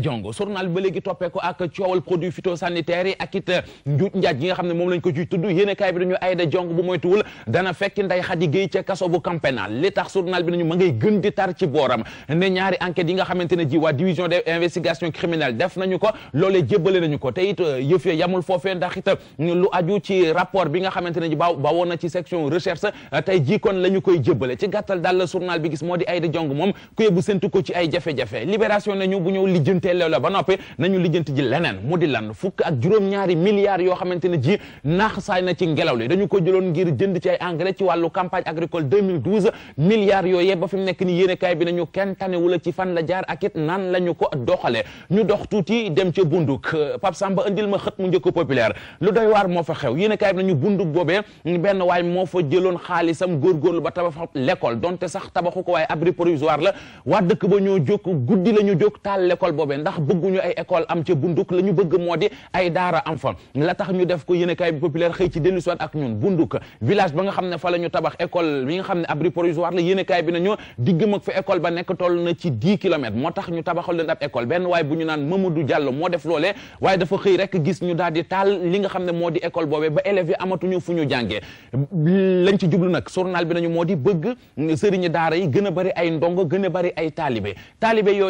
jongo journal bi ba léegi toppee ko ak coowal produit phytosanitaire yi ak euh, njaaj yi nga xam ne moom lañ ko ciy tudd yéen kaay bi dañu ayda jong bu moytuwul dana fekk nday xadi géey ca kaso li tax journal bi nañu ma ngay gën tar ci booram ñaari enquêtes yi nga xamante ne ji waa division des investigations criminelles def nañu ko loolee jébbale nañu ko te it euh, yëf ya yamul foofee ndax it euh, lu aju ci rapport bi nga xamante ne ji ba bawoon na ci section recherche tey jii kon la ñu koy jébbale ci gàttal daal la journal bi gis moo di ayda jong moom ku yóbbu séntu ko ci ay jafe-jafe libération nañu bu ñëw lijjantee la ba noppi nañu lijjanti ji leneen mu di lan fukk ak juróom-ñaari milliards yoo xamante ne ji naax na ci ngelaw li dañu ko jëloon ngir jënd ci ay engrais ci wàllu campagne agricole 2012 milliards yooyee ba fi mu nekk ni yéene kaay bi nañu kenn tanewula ci fan la jaar ak it nan la ñu ko doxalee ñu dox tuuti dem ca bunduk Pape Samba indil ma xët mu njëkk populaire lu doy waar moo fa xew yéene kaay bi nañu bunduk boobee benn waay moo fa jëloon xaalisam góorgóorlu ba tabax l'école donte sax tabaxu ko waaye abri provisoire la waa dëkk ba ñoo jóg guddi la ñu jóg taal l'école boobee ndax bëgguñu ay école am ca bunduk la ñu bëgg moo di ay daara am fa la tax ñu def ko yéen kaay bi populaire xëy ci dellu siwaat ak ñun bunduk village ba nga xam ne fa la ñu tabax école mi nga xam ne abri provisoire la yéen kaay bi na ñoo diggam ak école ba nekk toll na ci 10 kilomètres moo tax ñu tabaxal leen ab école benn waaye bu ñu naan Mamadou Diallo moo def loolee waaye dafa xëy rek gis ñu daal taal li nga xam ne moo école boobee ba élèves amatuñu fu ñu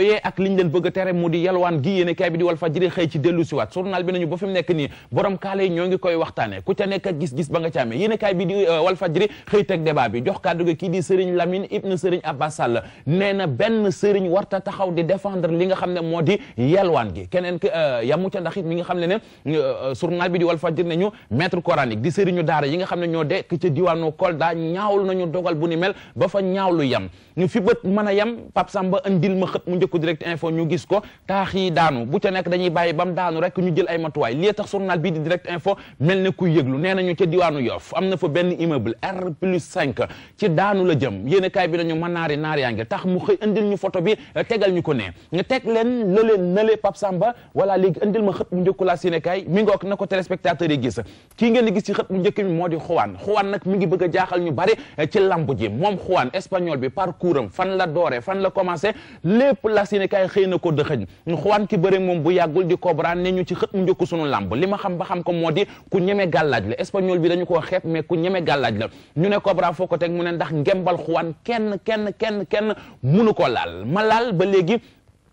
a a di yalwaan gi yéene kaay bi di wal fajiri xëy ci dellu siwaat journal bi nañu ba fi mu nekk nii borom kaale yi ñoo ngi koy waxtaane ku ca nekk gis-gis ba nga ca amee yéene kaay bi di euh, wal fajiri xëy teg débat bi jox kàddu gi kii di Serigne Lamine ibn na Abba Sall nee na benn Serigne warta taxaw di défendre li nga xam ne moo di yalwaan gi keneen ki euh, yamu ca ndax mi nga xam ne ne euh, journal bi di wal fajiri nañu maître coranique di Serigne daara yi nga xam ne ñoo dekk ca diwaanu Kolda ñaawlu nañu dogal bu ni mel ba fa ñaawlu yam ñu fi bët mën a yam Pape Samba andil ma xët mu njëkk direct info ñu gis ko taax yi daanu bu ca nekk dañuy bàyyi ba mu daanu rek ñu jël ay matuwaay lii tax journal bii di direct info mel ne ku yëglu nee nañu ca diwaanu Yoff am na fa benn immeuble R plus 5 ci daanu la jëm yéen kaay bi nañu ma naari naar yaa ngi tax mu xëy indil ñu foto bi tegal ñu ko ne nga teg leen lële nële Pape Samba voilà léegi indil ma xët mu njëkku laa seen kaay mi ngook na ko téléspectateurs yi gis kii ngeen di gis ci mu njëkk mi moo di xuwaan xuwaan nag mi ngi bëgg a jaaxal ñu bari ci lamb ji moom xuwaan espagnol bi parcours fan la doore fan la commencé lépp la seen kaay xëy na ko dëxëñ xuwaan ki moom bu yàggul di Cobra ne ñu ci xët mu njëkk sunu làmb li xam ba xam ko moo di ku ñeme gàllaaj la espagnol bi dañu koo xeeb mais ku ñeme gàllaaj la ñu ne Cobra foo ko teg mu ne ndax ngembal xuwaan kenn kenn kenn kenn munu ko laal ma laal ba léegi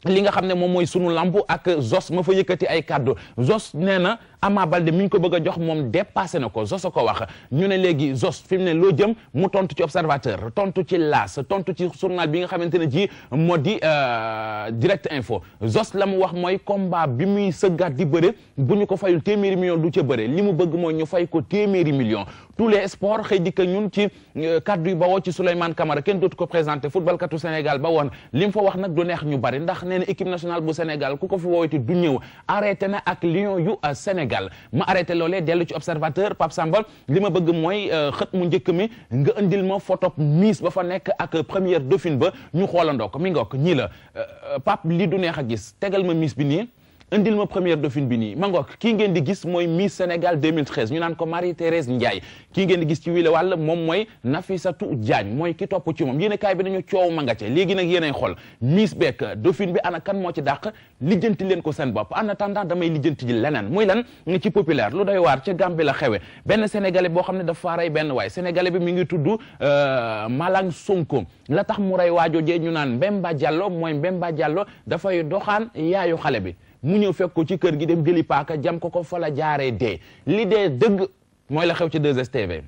li nga xam ne moom mooy sunu lamb ak Zos ma fa yëkkati ay kàddu Zos nee na Ama Balde mi ñu ko bëgg a jox moom dépassé na ko Zos a ko wax ñu ne léegi Zos fi mu ne loo jëm mu tontu ci observateur tontu ci laas tontu ci journal bi nga xamante ne ji moo di euh, direct info Zos la mu wax mooy combat bi muy sëggaat di bëre bu ñu ko fayul téeméeri million du ca bëre li mu bëgg mooy ñu fay ko téeméeri million tous les sports xëy ñun ci euh, kaddu yu bawoo ci Souleymane Camara kenn dootu ko présenté football katu Sénégal ba woon li mu fa wax nag du neex ñu bari ndax nee na équipe nationale bu Sénégal ku ko fi woowete du Sénégal ma arrêté loolee dellu ci observateur Pape Sambal li ma bëgg mooy euh, xët mu njëkk mi nga indil ma photo Miss ba fa nekk ak première dauphine ba ñu xoola ko mi ngook ñii la euh, euh, Pape li du neex a gis tegal ma mis bi nii indil ma première dauphine bi nii mangook ki ngeen di gis mooy Miss Sénégal 2013 ñu naan ko Marie Thérèse Ndiaye kii ngeen di gis ci wile wàll moom mooy Nafisatou Diagne mooy ki topp ci moom yéen kaay bi nañu coow ma nga ca léegi nag yéenay xool Miss beek dauphine bi ana kan moo ci dàq leen ko seen bopp en attendant damay lijjanti ji leneen muy lan ci populaire lu doy waar ca Gambie la xewe benn sénégalais boo xam ne dafa rey benn waay sénégalais bi mi ngi tudd euh, Malang Sonko la tax mu rey waajo jee ñu naan Mbemba Diallo mooy Mbemba Diallo dafay doxaan yaayu xale bi mu ñëw fekk ci kër gi dem jëli paaka jam ko ko fa la jaaree dee li dee dëgg mooy la xew ci 2STV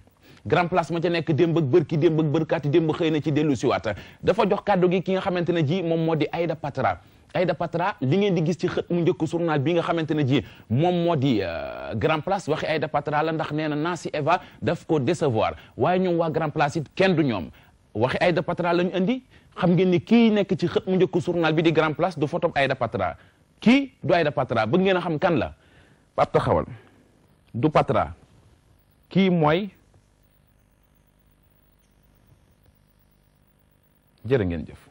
grand place moo ci nekk démb ak bërki démb ak bërkaati démb xëy na ci dellu siwaat dafa jox kàddu gi ki nga xamante ne ji moom moo di Aïda Patra Aïda Patra li ngeen di gis ci xët mu njëkk bi nga xamante ne ji moom moo di euh, grand place waxi Aïda Patra la ndax nee na Nancy Eva def ko décevoir waaye ñoom waa grand place it kenn du ñoom waxi Aïda Patra la ñu andi xam ngeen ni kii nekk ci xët mu njëkk journal bi di grand place du photo Aïda Patra kii du Aïda Patra bëgg ngeen a xam kan la Pape taxawal du Patra kii mooy jërë ngeen jëf